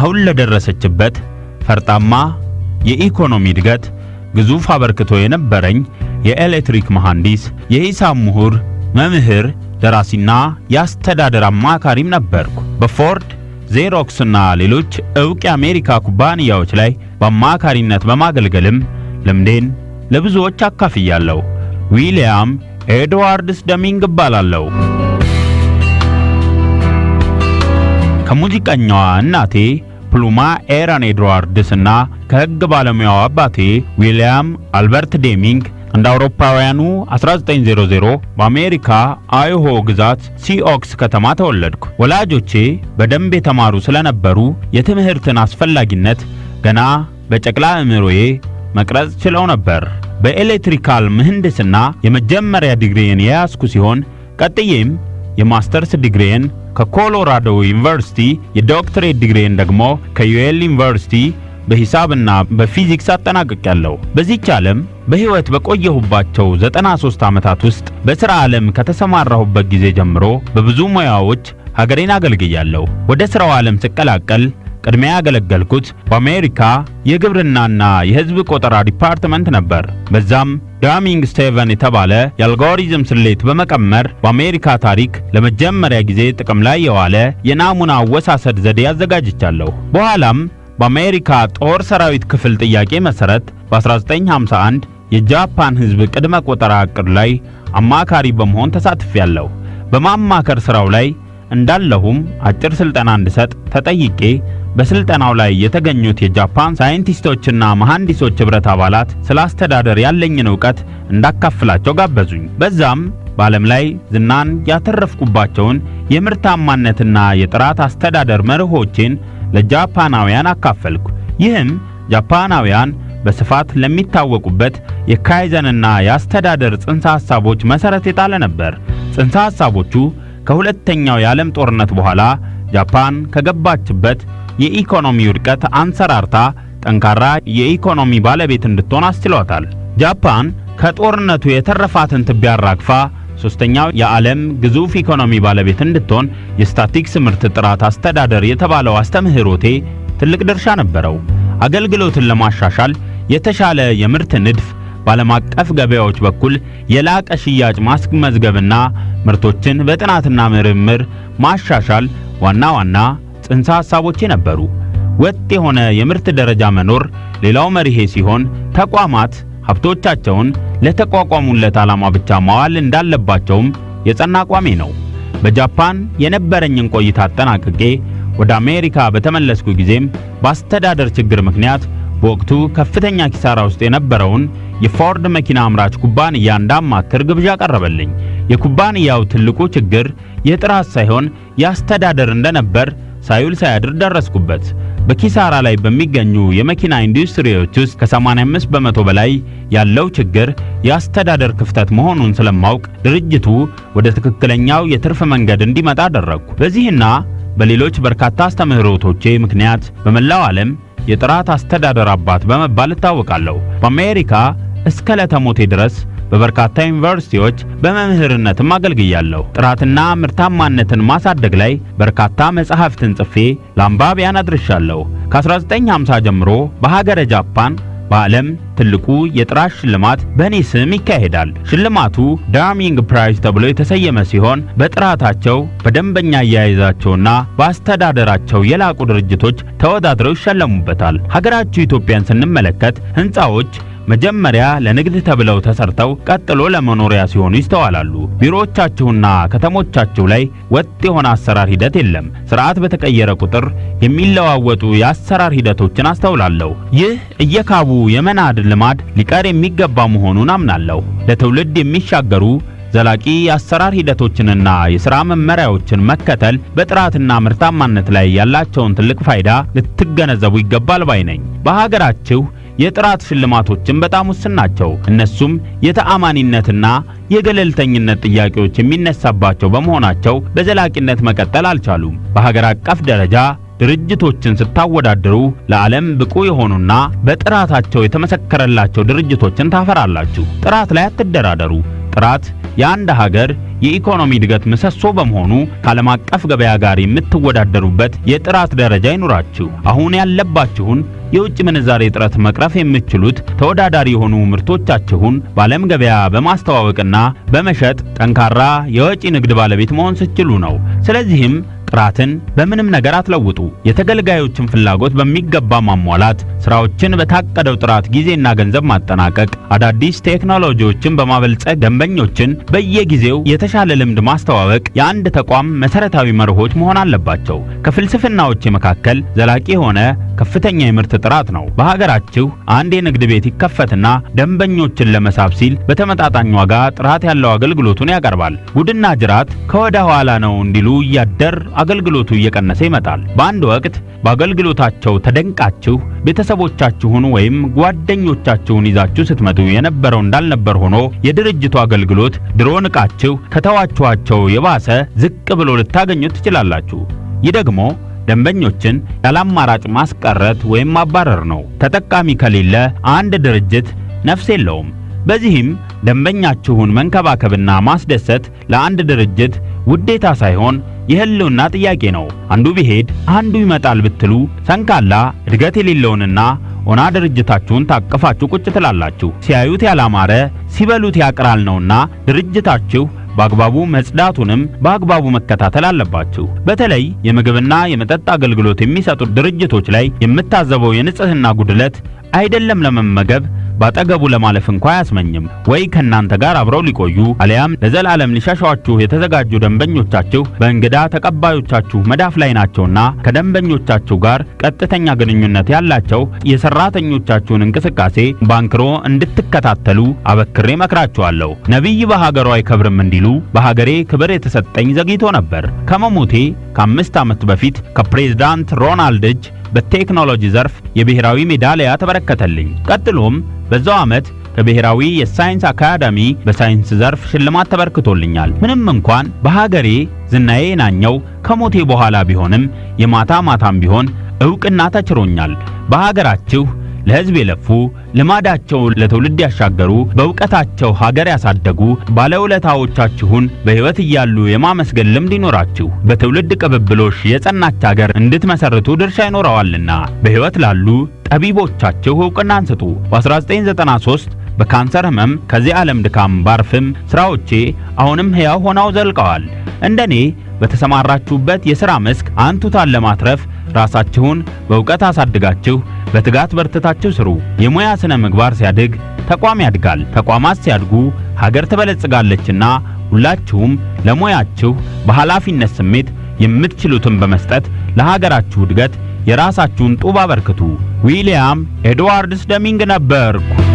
አሁን ለደረሰችበት ፈርጣማ የኢኮኖሚ እድገት ግዙፍ አበርክቶ የነበረኝ የኤሌክትሪክ መሐንዲስ፣ የሂሳብ ምሁር፣ መምህር፣ ደራሲና የአስተዳደር አማካሪም ነበርኩ። በፎርድ ዜሮክስና ሌሎች እውቅ የአሜሪካ ኩባንያዎች ላይ በአማካሪነት በማገልገልም ልምዴን ለብዙዎች አካፍያለሁ። ዊልያም ኤድዋርድስ ደሚንግ እባላለሁ። ከሙዚቀኛዋ እናቴ ዲፕሎማ ኤራን ኤድዋርድስ እና ከህግ ባለሙያው አባቴ ዊልያም አልበርት ዴሚንግ እንደ አውሮፓውያኑ 1900 በአሜሪካ አይሆ ግዛት ሲኦክስ ከተማ ተወለድኩ። ወላጆቼ በደንብ የተማሩ ስለነበሩ የትምህርትን አስፈላጊነት ገና በጨቅላ እምሮዬ መቅረጽ ችለው ነበር። በኤሌክትሪካል ምህንድስና የመጀመሪያ ዲግሪን የያዝኩ ሲሆን ቀጥዬም የማስተርስ ዲግሪን ከኮሎራዶ ዩኒቨርሲቲ፣ የዶክትሬት ዲግሪን ደግሞ ከዩኤል ዩኒቨርሲቲ በሂሳብና በፊዚክስ አጠናቅቄያለሁ። በዚች ዓለም በሕይወት በቆየሁባቸው 93 ዓመታት ውስጥ በሥራ ዓለም ከተሰማራሁበት ጊዜ ጀምሮ በብዙ ሙያዎች ሀገሬን አገልግያለሁ። ወደ ሥራው ዓለም ስቀላቀል ቅድሚያ ያገለገልኩት በአሜሪካ የግብርናና የሕዝብ ቆጠራ ዲፓርትመንት ነበር። በዛም ዳሚንግ ስቴቨን የተባለ የአልጎሪዝም ስሌት በመቀመር በአሜሪካ ታሪክ ለመጀመሪያ ጊዜ ጥቅም ላይ የዋለ የናሙና አወሳሰድ ዘዴ አዘጋጅቻለሁ። በኋላም በአሜሪካ ጦር ሰራዊት ክፍል ጥያቄ መሠረት በ1951 የጃፓን ሕዝብ ቅድመ ቆጠራ ዕቅድ ላይ አማካሪ በመሆን ተሳትፌያለሁ። በማማከር ሥራው ላይ እንዳለሁም አጭር ስልጠና እንድሰጥ ተጠይቄ በስልጠናው ላይ የተገኙት የጃፓን ሳይንቲስቶችና መሐንዲሶች ኅብረት አባላት ስለ አስተዳደር ያለኝን ዕውቀት እንዳካፍላቸው ጋበዙኝ። በዛም በዓለም ላይ ዝናን ያተረፍኩባቸውን የምርታማነትና የጥራት አስተዳደር መርሆችን ለጃፓናውያን አካፈልኩ። ይህም ጃፓናውያን በስፋት ለሚታወቁበት የካይዘንና የአስተዳደር ጽንሰ ሐሳቦች መሠረት የጣለ ነበር። ጽንሰ ሐሳቦቹ ከሁለተኛው የዓለም ጦርነት በኋላ ጃፓን ከገባችበት የኢኮኖሚ ውድቀት አንሰራርታ ጠንካራ የኢኮኖሚ ባለቤት እንድትሆን አስችሏታል። ጃፓን ከጦርነቱ የተረፋትን ትቢያ አራግፋ ሶስተኛው የዓለም ግዙፍ ኢኮኖሚ ባለቤት እንድትሆን የስታቲክስ ምርት ጥራት አስተዳደር የተባለው አስተምህሮቴ ትልቅ ድርሻ ነበረው። አገልግሎትን ለማሻሻል የተሻለ የምርት ንድፍ በዓለም አቀፍ ገበያዎች በኩል የላቀ ሽያጭ ማስመዝገብና ምርቶችን በጥናትና ምርምር ማሻሻል ዋና ዋና ጽንሰ ሐሳቦች ነበሩ። ወጥ የሆነ የምርት ደረጃ መኖር ሌላው መርሄ ሲሆን ተቋማት ሀብቶቻቸውን ለተቋቋሙለት ዓላማ ብቻ ማዋል እንዳለባቸውም የጸና አቋሜ ነው። በጃፓን የነበረኝን ቆይታ አጠናቅቄ ወደ አሜሪካ በተመለስኩ ጊዜም በአስተዳደር ችግር ምክንያት በወቅቱ ከፍተኛ ኪሳራ ውስጥ የነበረውን የፎርድ መኪና አምራች ኩባንያ እንዳማክር ግብዣ ቀረበልኝ። የኩባንያው ትልቁ ችግር የጥራት ሳይሆን የአስተዳደር እንደነበር ሳይውል ሳያድር ደረስኩበት። በኪሳራ ላይ በሚገኙ የመኪና ኢንዱስትሪዎች ውስጥ ከ85 በመቶ በላይ ያለው ችግር የአስተዳደር ክፍተት መሆኑን ስለማውቅ ድርጅቱ ወደ ትክክለኛው የትርፍ መንገድ እንዲመጣ አደረግኩ። በዚህና በሌሎች በርካታ አስተምህሮቶቼ ምክንያት በመላው ዓለም የጥራት አስተዳደር አባት በመባል እታወቃለሁ። በአሜሪካ እስከ ለተሞቴ ድረስ በበርካታ ዩኒቨርሲቲዎች በመምህርነትም አገልግያለሁ። ጥራትና ምርታማነትን ማሳደግ ላይ በርካታ መጽሐፍትን ጽፌ ለአንባቢያን አድርሻለሁ። ከ1950 ጀምሮ በሀገረ ጃፓን በዓለም ትልቁ የጥራት ሽልማት በእኔ ስም ይካሄዳል። ሽልማቱ ዳርሚንግ ፕራይዝ ተብሎ የተሰየመ ሲሆን በጥራታቸው በደንበኛ አያያዛቸውና በአስተዳደራቸው የላቁ ድርጅቶች ተወዳድረው ይሸለሙበታል። ሀገራችሁ ኢትዮጵያን ስንመለከት ሕንፃዎች መጀመሪያ ለንግድ ተብለው ተሰርተው ቀጥሎ ለመኖሪያ ሲሆኑ ይስተዋላሉ። ቢሮዎቻቸውና ከተሞቻቸው ላይ ወጥ የሆነ አሰራር ሂደት የለም። ስርዓት በተቀየረ ቁጥር የሚለዋወጡ የአሰራር ሂደቶችን አስተውላለሁ። ይህ እየካቡ የመናድ ልማድ ሊቀር የሚገባ መሆኑን አምናለሁ። ለትውልድ የሚሻገሩ ዘላቂ የአሰራር ሂደቶችንና የሥራ መመሪያዎችን መከተል በጥራትና ምርታማነት ላይ ያላቸውን ትልቅ ፋይዳ ልትገነዘቡ ይገባል ባይ ነኝ። በሀገራችሁ የጥራት ሽልማቶችም በጣም ውስን ናቸው። እነሱም የተአማኒነትና የገለልተኝነት ጥያቄዎች የሚነሳባቸው በመሆናቸው በዘላቂነት መቀጠል አልቻሉም። በሀገር አቀፍ ደረጃ ድርጅቶችን ስታወዳድሩ ለዓለም ብቁ የሆኑና በጥራታቸው የተመሰከረላቸው ድርጅቶችን ታፈራላችሁ። ጥራት ላይ አትደራደሩ። ጥራት የአንድ ሀገር የኢኮኖሚ እድገት ምሰሶ በመሆኑ ከዓለም አቀፍ ገበያ ጋር የምትወዳደሩበት የጥራት ደረጃ ይኑራችሁ። አሁን ያለባችሁን የውጭ ምንዛሬ እጥረት መቅረፍ የምትችሉት ተወዳዳሪ የሆኑ ምርቶቻችሁን በዓለም ገበያ በማስተዋወቅና በመሸጥ ጠንካራ የወጪ ንግድ ባለቤት መሆን ስትችሉ ነው። ስለዚህም ጥራትን በምንም ነገር አትለውጡ። የተገልጋዮችን ፍላጎት በሚገባ ማሟላት፣ ስራዎችን በታቀደው ጥራት ጊዜና ገንዘብ ማጠናቀቅ፣ አዳዲስ ቴክኖሎጂዎችን በማበልጸግ ደንበኞችን በየጊዜው የተሻለ ልምድ ማስተዋወቅ የአንድ ተቋም መሰረታዊ መርሆች መሆን አለባቸው። ከፍልስፍናዎች መካከል ዘላቂ የሆነ ከፍተኛ የምርት ጥራት ነው። በሀገራችሁ አንድ የንግድ ቤት ይከፈትና ደንበኞችን ለመሳብ ሲል በተመጣጣኝ ዋጋ ጥራት ያለው አገልግሎቱን ያቀርባል። ጉድና ጅራት ከወደ ኋላ ነው እንዲሉ እያደር አገልግሎቱ እየቀነሰ ይመጣል። በአንድ ወቅት በአገልግሎታቸው ተደንቃችሁ ቤተሰቦቻችሁን ወይም ጓደኞቻችሁን ይዛችሁ ስትመጡ የነበረው እንዳልነበር ሆኖ የድርጅቱ አገልግሎት ድሮ ንቃችሁ ከተዋችኋቸው የባሰ ዝቅ ብሎ ልታገኙት ትችላላችሁ። ይህ ደግሞ ደንበኞችን ያለአማራጭ ማስቀረት ወይም ማባረር ነው። ተጠቃሚ ከሌለ አንድ ድርጅት ነፍስ የለውም። በዚህም ደንበኛችሁን መንከባከብና ማስደሰት ለአንድ ድርጅት ውዴታ ሳይሆን የህልውና ጥያቄ ነው። አንዱ ቢሄድ አንዱ ይመጣል ብትሉ ሰንካላ እድገት የሌለውንና ኦና ድርጅታችሁን ታቅፋችሁ ቁጭ ትላላችሁ። ሲያዩት ያላማረ ሲበሉት ያቅራል ነውና ድርጅታችሁ በአግባቡ መጽዳቱንም በአግባቡ መከታተል አለባችሁ። በተለይ የምግብና የመጠጥ አገልግሎት የሚሰጡት ድርጅቶች ላይ የምታዘበው የንጽህና ጉድለት አይደለም ለመመገብ ባጠገቡ ለማለፍ እንኳ አያስመኝም። ወይ ከእናንተ ጋር አብረው ሊቆዩ አሊያም ለዘላለም ሊሻሻችሁ የተዘጋጁ ደንበኞቻችሁ በእንግዳ ተቀባዮቻችሁ መዳፍ ላይ ናቸውና ከደንበኞቻችሁ ጋር ቀጥተኛ ግንኙነት ያላቸው የሰራተኞቻችሁን እንቅስቃሴ ባንክሮ እንድትከታተሉ አበክሬ መክራችኋለሁ። ነቢይ በሀገሯ አይከብርም እንዲሉ በሀገሬ ክብር የተሰጠኝ ዘግይቶ ነበር። ከመሞቴ ከአምስት ዓመት በፊት ከፕሬዝዳንት ሮናልድ እጅ በቴክኖሎጂ ዘርፍ የብሔራዊ ሜዳሊያ ተበረከተልኝ። ቀጥሎም በዛው ዓመት ከብሔራዊ የሳይንስ አካዳሚ በሳይንስ ዘርፍ ሽልማት ተበርክቶልኛል። ምንም እንኳን በሀገሬ ዝናዬ ናኘው ከሞቴ በኋላ ቢሆንም የማታ ማታም ቢሆን እውቅና ተችሮኛል። በሀገራችሁ ለሕዝብ የለፉ ልማዳቸውን ለትውልድ ያሻገሩ በእውቀታቸው ሀገር ያሳደጉ ባለውለታዎቻችሁን በሕይወት እያሉ የማመስገን ልምድ ይኖራችሁ። በትውልድ ቅብብሎሽ የጸናች ሀገር እንድትመሰርቱ ድርሻ ይኖረዋልና በሕይወት ላሉ ጠቢቦቻችሁ ዕውቅናን ስጡ። በ1993 በካንሰር ህመም ከዚህ ዓለም ድካም ባርፍም ስራዎቼ አሁንም ሕያው ሆነው ዘልቀዋል። እንደኔ በተሰማራችሁበት የሥራ መስክ አንቱታን ለማትረፍ ራሳችሁን በእውቀት አሳድጋችሁ በትጋት በርትታችሁ ስሩ። የሙያ ስነ ምግባር ሲያድግ ተቋም ያድጋል። ተቋማት ሲያድጉ ሀገር ትበለጽጋለችና ሁላችሁም ለሙያችሁ በኃላፊነት ስሜት የምትችሉትን በመስጠት ለሀገራችሁ እድገት የራሳችሁን ጡብ አበርክቱ። ዊሊያም ኤድዋርድስ ደሚንግ ነበርኩ።